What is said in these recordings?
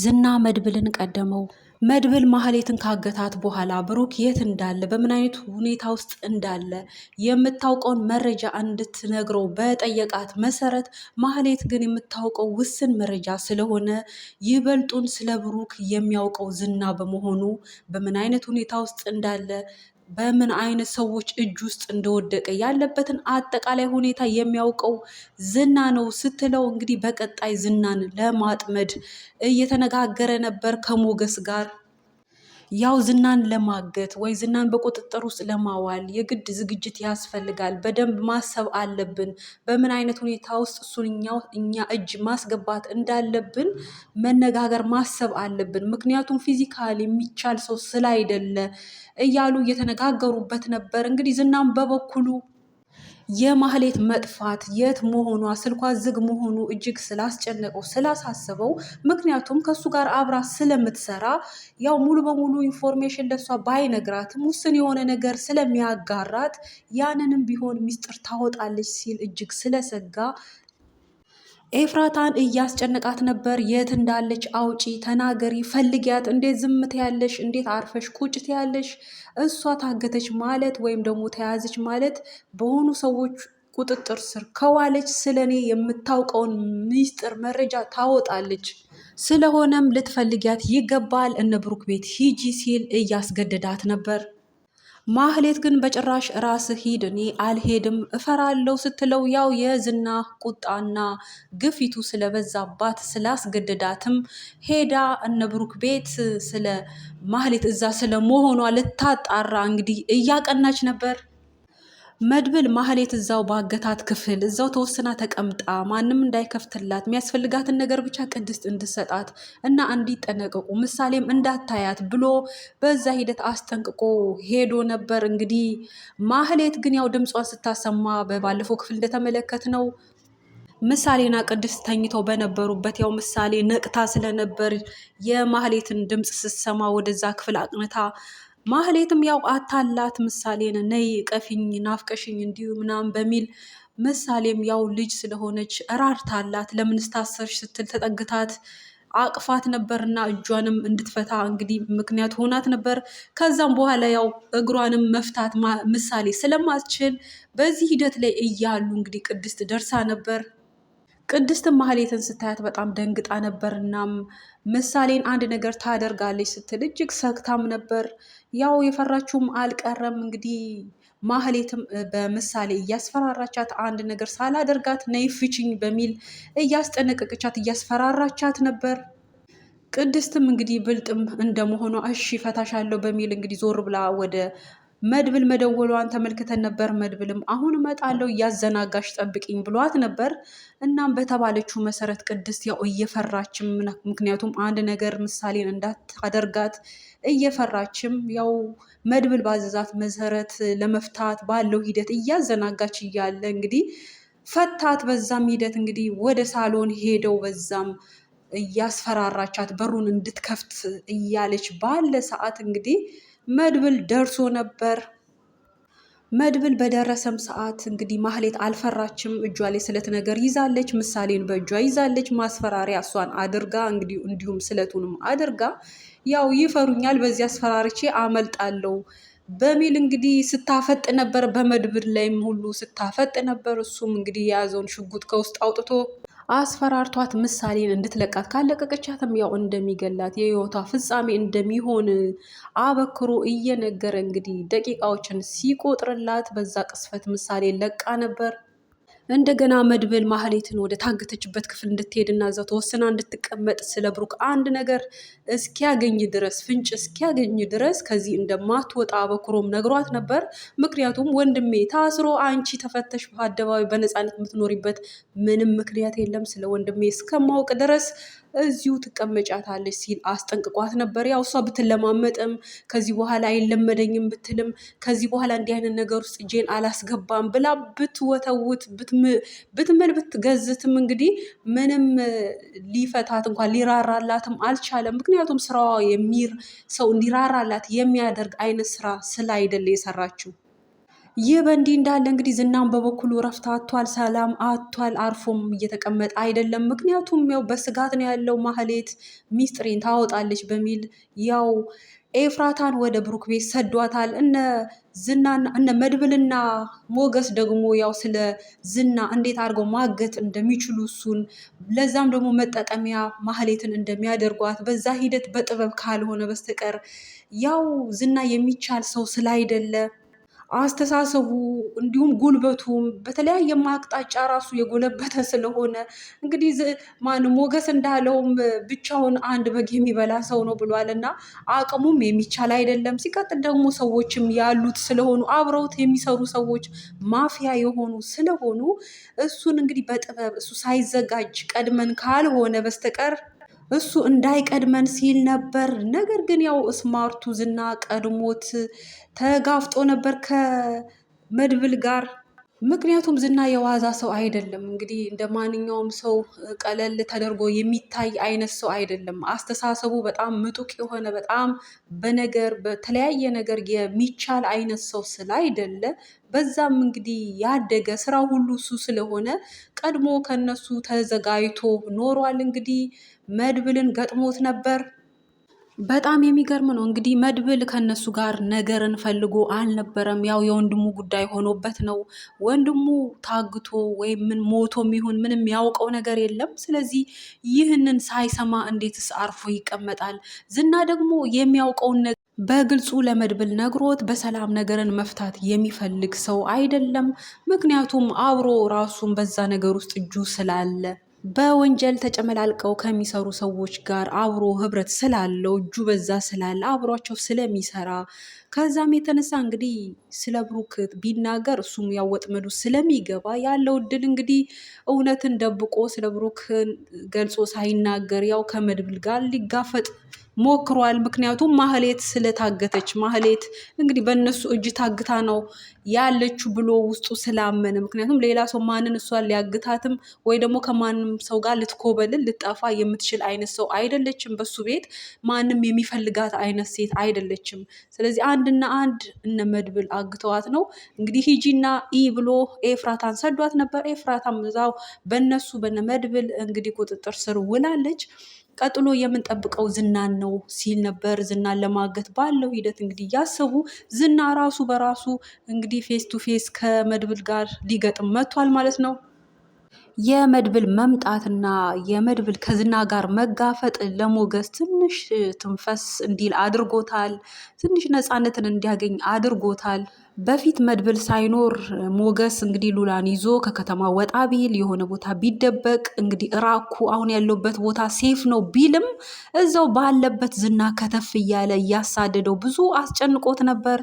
ዝና መድብልን ቀደመው። መድብል ማህሌትን ካገታት በኋላ ብሩክ የት እንዳለ በምን አይነት ሁኔታ ውስጥ እንዳለ የምታውቀውን መረጃ እንድትነግረው በጠየቃት መሰረት ማህሌት ግን የምታውቀው ውስን መረጃ ስለሆነ ይበልጡን ስለ ብሩክ የሚያውቀው ዝና በመሆኑ በምን አይነት ሁኔታ ውስጥ እንዳለ በምን አይነት ሰዎች እጅ ውስጥ እንደወደቀ ያለበትን አጠቃላይ ሁኔታ የሚያውቀው ዝና ነው ስትለው እንግዲህ በቀጣይ ዝናን ለማጥመድ እየተነጋገረ ነበር ከሞገስ ጋር ያው ዝናን ለማገት ወይ ዝናን በቁጥጥር ውስጥ ለማዋል የግድ ዝግጅት ያስፈልጋል። በደንብ ማሰብ አለብን። በምን አይነት ሁኔታ ውስጥ እሱን እኛ እጅ ማስገባት እንዳለብን መነጋገር ማሰብ አለብን። ምክንያቱም ፊዚካል የሚቻል ሰው ስላይደለ እያሉ እየተነጋገሩበት ነበር። እንግዲህ ዝናን በበኩሉ የማህሌት መጥፋት የት መሆኗ ስልኳ ዝግ መሆኑ እጅግ ስላስጨነቀው ስላሳሰበው፣ ምክንያቱም ከእሱ ጋር አብራ ስለምትሰራ ያው ሙሉ በሙሉ ኢንፎርሜሽን እንደሷ ባይነግራትም ውስን የሆነ ነገር ስለሚያጋራት ያንንም ቢሆን ሚስጥር ታወጣለች ሲል እጅግ ስለሰጋ ኤፍራታን እያስጨነቃት ነበር። የት እንዳለች አውጪ፣ ተናገሪ፣ ፈልጊያት። እንዴት ዝም ትያለሽ? እንዴት አርፈሽ ቁጭ ትያለሽ? እሷ ታገተች ማለት ወይም ደግሞ ተያዘች ማለት በሆኑ ሰዎች ቁጥጥር ስር ከዋለች ስለ እኔ የምታውቀውን ሚስጥር መረጃ ታወጣለች። ስለሆነም ልትፈልጊያት ይገባል፣ እነ ብሩክ ቤት ሂጂ ሲል እያስገደዳት ነበር። ማህሌት ግን በጭራሽ ራስ ሂድ፣ እኔ አልሄድም እፈራለሁ ስትለው ያው የዝና ቁጣና ግፊቱ ስለበዛባት ስላስገደዳትም ሄዳ እነ ብሩክ ቤት ስለ ማህሌት እዛ ስለመሆኗ ልታጣራ እንግዲህ እያቀናች ነበር። መድብል ማህሌት እዛው ባገታት ክፍል እዛው ተወስና ተቀምጣ ማንም እንዳይከፍትላት የሚያስፈልጋትን ነገር ብቻ ቅድስት እንድሰጣት እና እንዲጠነቀቁ ምሳሌም እንዳታያት ብሎ በዛ ሂደት አስጠንቅቆ ሄዶ ነበር። እንግዲህ ማህሌት ግን ያው ድምጿን ስታሰማ በባለፈው ክፍል እንደተመለከት ነው ምሳሌና ቅድስት ተኝተው በነበሩበት ያው ምሳሌ ነቅታ ስለነበር የማህሌትን ድምፅ ስትሰማ ወደዛ ክፍል አቅንታ ማህሌትም ያው አታላት ምሳሌን ነይ ቀፊኝ ናፍቀሽኝ እንዲሁ ምናምን በሚል ምሳሌም ያው ልጅ ስለሆነች ራርታላት ለምን ስታሰርሽ ስትል ተጠግታት አቅፋት ነበርና እጇንም እንድትፈታ እንግዲህ ምክንያት ሆናት ነበር። ከዛም በኋላ ያው እግሯንም መፍታት ምሳሌ ስለማትችል በዚህ ሂደት ላይ እያሉ እንግዲህ ቅድስት ደርሳ ነበር። ቅድስት ማህሌትን ስታያት በጣም ደንግጣ ነበር። እናም ምሳሌን አንድ ነገር ታደርጋለች ስትል እጅግ ሰግታም ነበር። ያው የፈራችውም አልቀረም እንግዲህ ማህሌትም በምሳሌ እያስፈራራቻት አንድ ነገር ሳላደርጋት ነይ በሚል እያስጠነቀቀቻት እያስፈራራቻት ነበር። ቅድስትም እንግዲህ ብልጥም እንደመሆኗ እሺ ፈታሻለሁ በሚል እንግዲህ ዞር ብላ ወደ መድብል መደወሏን ተመልክተን ነበር። መድብልም አሁን እመጣለሁ እያዘናጋሽ ጠብቂኝ ብሏት ነበር። እናም በተባለችው መሰረት ቅድስት ያው እየፈራችም ምክንያቱም አንድ ነገር ምሳሌን እንዳታደርጋት እየፈራችም ያው መድብል ባዘዛት መሰረት ለመፍታት ባለው ሂደት እያዘናጋች እያለ እንግዲህ ፈታት። በዛም ሂደት እንግዲህ ወደ ሳሎን ሄደው በዛም እያስፈራራቻት በሩን እንድትከፍት እያለች ባለ ሰዓት እንግዲህ መድብል ደርሶ ነበር። መድብል በደረሰም ሰዓት እንግዲህ ማህሌት አልፈራችም። እጇ ላይ ስለት ነገር ይዛለች፣ ምሳሌን በእጇ ይዛለች። ማስፈራሪያ እሷን አድርጋ እንግዲህ እንዲሁም ስለቱንም አድርጋ ያው ይፈሩኛል፣ በዚህ አስፈራርቼ አመልጣለሁ በሚል እንግዲህ ስታፈጥ ነበር። በመድብል ላይም ሁሉ ስታፈጥ ነበር። እሱም እንግዲህ የያዘውን ሽጉጥ ከውስጥ አውጥቶ አስፈራርቷት ምሳሌን እንድትለቃት ካለቀቀቻትም ያው እንደሚገላት የህይወቷ ፍጻሜ እንደሚሆን አበክሮ እየነገረ እንግዲህ ደቂቃዎችን ሲቆጥርላት በዛ ቅስፈት ምሳሌ ለቃ ነበር። እንደገና መድብል ማህሌትን ወደ ታገተችበት ክፍል እንድትሄድና እዛው ተወስና እንድትቀመጥ ስለ ብሩክ አንድ ነገር እስኪያገኝ ድረስ ፍንጭ እስኪያገኝ ድረስ ከዚህ እንደማትወጣ በኩሮም ነግሯት ነበር። ምክንያቱም ወንድሜ ታስሮ አንቺ ተፈተሽ በአደባባይ በነፃነት የምትኖሪበት ምንም ምክንያት የለም ስለ ወንድሜ እስከማወቅ ድረስ እዚሁ ትቀመጫታለች ሲል አስጠንቅቋት ነበር። ያው እሷ ብትለማመጥም ከዚህ በኋላ አይለመደኝም ብትልም ከዚህ በኋላ እንዲህ አይነት ነገር ውስጥ እጄን አላስገባም ብላ ብትወተውት ብትምል ብትገዝትም እንግዲህ ምንም ሊፈታት እንኳን ሊራራላትም አልቻለም። ምክንያቱም ስራዋ የሚር ሰው እንዲራራላት የሚያደርግ አይነት ስራ ስላይደለ የሰራችው ይህ በእንዲህ እንዳለ እንግዲህ ዝናም በበኩሉ እረፍት አቷል፣ ሰላም አቷል፣ አርፎም እየተቀመጠ አይደለም። ምክንያቱም ያው በስጋት ነው ያለው። ማህሌት ሚስጥሬን ታወጣለች በሚል ያው ኤፍራታን ወደ ብሩክ ቤት ሰዷታል። እነ ዝናና እነ መድብልና ሞገስ ደግሞ ያው ስለ ዝና እንዴት አድርገው ማገት እንደሚችሉ እሱን ለዛም ደግሞ መጠቀሚያ ማህሌትን እንደሚያደርጓት በዛ ሂደት በጥበብ ካልሆነ በስተቀር ያው ዝና የሚቻል ሰው ስላይደለ አስተሳሰቡ እንዲሁም ጉልበቱም በተለያየ ማቅጣጫ ራሱ የጎለበተ ስለሆነ እንግዲህ ማን ሞገስ እንዳለውም ብቻውን አንድ በግ የሚበላ ሰው ነው ብሏል እና አቅሙም የሚቻል አይደለም። ሲቀጥል ደግሞ ሰዎችም ያሉት ስለሆኑ አብረውት የሚሰሩ ሰዎች ማፊያ የሆኑ ስለሆኑ እሱን እንግዲህ በጥበብ እሱ ሳይዘጋጅ ቀድመን ካልሆነ በስተቀር እሱ እንዳይቀድመን ሲል ነበር። ነገር ግን ያው ስማርቱ ዝና ቀድሞት ተጋፍጦ ነበር ከመድብል ጋር ምክንያቱም ዝና የዋዛ ሰው አይደለም። እንግዲህ እንደ ማንኛውም ሰው ቀለል ተደርጎ የሚታይ አይነት ሰው አይደለም። አስተሳሰቡ በጣም ምጡቅ የሆነ በጣም በነገር በተለያየ ነገር የሚቻል አይነት ሰው ስላይደለ በዛም እንግዲህ ያደገ ስራ ሁሉ እሱ ስለሆነ ቀድሞ ከነሱ ተዘጋጅቶ ኖሯል። እንግዲህ መድብልን ገጥሞት ነበር። በጣም የሚገርም ነው እንግዲህ መድብል ከነሱ ጋር ነገርን ፈልጎ አልነበረም። ያው የወንድሙ ጉዳይ ሆኖበት ነው። ወንድሙ ታግቶ ወይም ምን ሞቶ ይሁን ምንም ያውቀው ነገር የለም። ስለዚህ ይህንን ሳይሰማ እንዴትስ አርፎ ይቀመጣል? ዝና ደግሞ የሚያውቀውን ነገር በግልጹ ለመድብል ነግሮት በሰላም ነገርን መፍታት የሚፈልግ ሰው አይደለም። ምክንያቱም አብሮ ራሱን በዛ ነገር ውስጥ እጁ ስላለ በወንጀል ተጨመላልቀው ከሚሰሩ ሰዎች ጋር አብሮ ህብረት ስላለው እጁ በዛ ስላለ አብሯቸው ስለሚሰራ ከዛም የተነሳ እንግዲህ ስለ ብሩክ ቢናገር እሱም ያወጥመዱ ስለሚገባ ያለው እድል እንግዲህ እውነትን ደብቆ ስለ ብሩክ ገልጾ ሳይናገር ያው ከመድብል ጋር ሊጋፈጥ ሞክሯል። ምክንያቱም ማህሌት ስለታገተች ማህሌት እንግዲህ በእነሱ እጅ ታግታ ነው ያለችው ብሎ ውስጡ ስላመነ፣ ምክንያቱም ሌላ ሰው ማንን እሷን ሊያግታትም ወይ ደግሞ ከማንም ሰው ጋር ልትኮበልን ልጠፋ የምትችል አይነት ሰው አይደለችም። በሱ ቤት ማንም የሚፈልጋት አይነት ሴት አይደለችም። ስለዚህ አንድና አንድ እነ መድብል አግተዋት ነው እንግዲህ ሂጂና ኢ ብሎ ኤፍራታን ሰዷት ነበር። ኤፍራታም እዛው በእነሱ በነ መድብል እንግዲህ ቁጥጥር ስር ውላለች። ቀጥሎ የምንጠብቀው ዝናን ነው ሲል ነበር። ዝናን ለማገት ባለው ሂደት እንግዲህ እያሰቡ ዝና ራሱ በራሱ እንግዲህ ፌስ ቱ ፌስ ከመድብል ጋር ሊገጥም መጥቷል ማለት ነው። የመድብል መምጣትና የመድብል ከዝና ጋር መጋፈጥ ለሞገስ ትንሽ ትንፈስ እንዲል አድርጎታል። ትንሽ ነፃነትን እንዲያገኝ አድርጎታል። በፊት መድብል ሳይኖር ሞገስ እንግዲህ ሉላን ይዞ ከከተማ ወጣ ቢል የሆነ ቦታ ቢደበቅ እንግዲህ እራኩ አሁን ያለበት ቦታ ሴፍ ነው ቢልም እዛው ባለበት ዝና ከተፍ እያለ እያሳደደው ብዙ አስጨንቆት ነበር።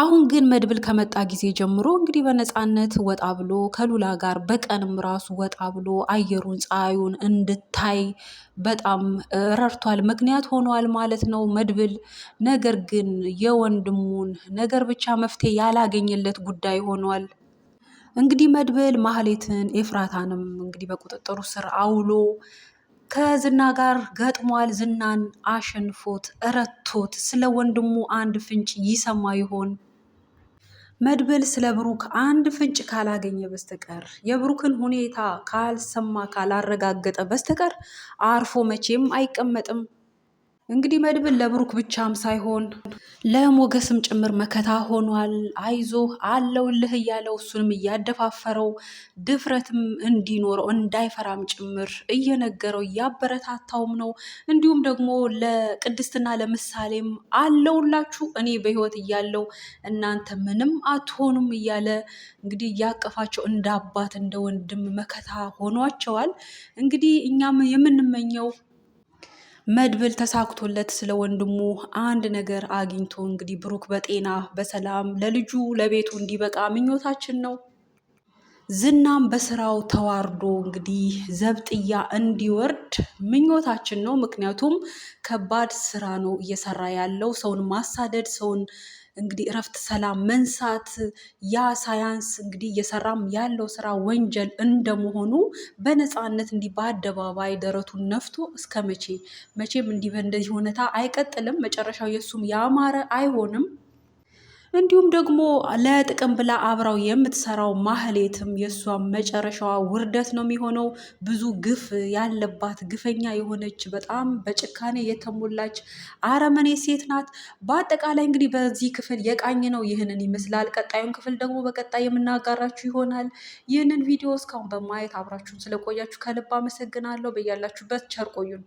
አሁን ግን መድብል ከመጣ ጊዜ ጀምሮ እንግዲህ በነፃነት ወጣ ብሎ ከሉላ ጋር በቀንም ራሱ ወጣ ብሎ አየሩን ፀሐዩን እንድታይ በጣም ረድቷል፣ ምክንያት ሆኗል ማለት ነው መድብል። ነገር ግን የወንድሙን ነገር ብቻ መፍትሄ ያላገኘለት ጉዳይ ሆኗል። እንግዲህ መድብል ማህሌትን ኤፍራታንም እንግዲህ በቁጥጥሩ ስር አውሎ ከዝና ጋር ገጥሟል። ዝናን አሸንፎት እረቶት ስለ ወንድሙ አንድ ፍንጭ ይሰማ ይሆን? መድብል ስለ ብሩክ አንድ ፍንጭ ካላገኘ በስተቀር የብሩክን ሁኔታ ካልሰማ ካላረጋገጠ በስተቀር አርፎ መቼም አይቀመጥም። እንግዲህ መድብን ለብሩክ ብቻም ሳይሆን ለሞገስም ጭምር መከታ ሆኗል። አይዞ አለውልህ እያለው እሱንም እያደፋፈረው ድፍረትም እንዲኖረው እንዳይፈራም ጭምር እየነገረው እያበረታታውም ነው። እንዲሁም ደግሞ ለቅድስትና ለምሳሌም አለውላችሁ እኔ በህይወት እያለው እናንተ ምንም አትሆኑም እያለ እንግዲህ እያቀፋቸው እንደ አባት እንደ ወንድም መከታ ሆኗቸዋል። እንግዲህ እኛም የምንመኘው መድብል ተሳክቶለት ስለ ወንድሙ አንድ ነገር አግኝቶ እንግዲህ ብሩክ በጤና በሰላም ለልጁ ለቤቱ እንዲበቃ ምኞታችን ነው። ዝናም በስራው ተዋርዶ እንግዲህ ዘብጥያ እንዲወርድ ምኞታችን ነው። ምክንያቱም ከባድ ስራ ነው እየሰራ ያለው ሰውን ማሳደድ ሰውን እንግዲህ እረፍት፣ ሰላም፣ መንሳት ያ ሳያንስ እንግዲህ እየሰራም ያለው ስራ ወንጀል እንደመሆኑ በነፃነት እንዲህ በአደባባይ ደረቱን ነፍቶ እስከ መቼ? መቼም እንዲህ በእንደዚህ ሁኔታ አይቀጥልም። መጨረሻው የእሱም ያማረ አይሆንም። እንዲሁም ደግሞ ለጥቅም ብላ አብራው የምትሰራው ማህሌትም የእሷ መጨረሻዋ ውርደት ነው የሚሆነው። ብዙ ግፍ ያለባት ግፈኛ የሆነች በጣም በጭካኔ የተሞላች አረመኔ ሴት ናት። በአጠቃላይ እንግዲህ በዚህ ክፍል የቃኝ ነው ይህንን ይመስላል። ቀጣዩን ክፍል ደግሞ በቀጣይ የምናጋራችሁ ይሆናል። ይህንን ቪዲዮ እስካሁን በማየት አብራችሁን ስለቆያችሁ ከልብ አመሰግናለሁ። በያላችሁበት ቸር ቆዩን።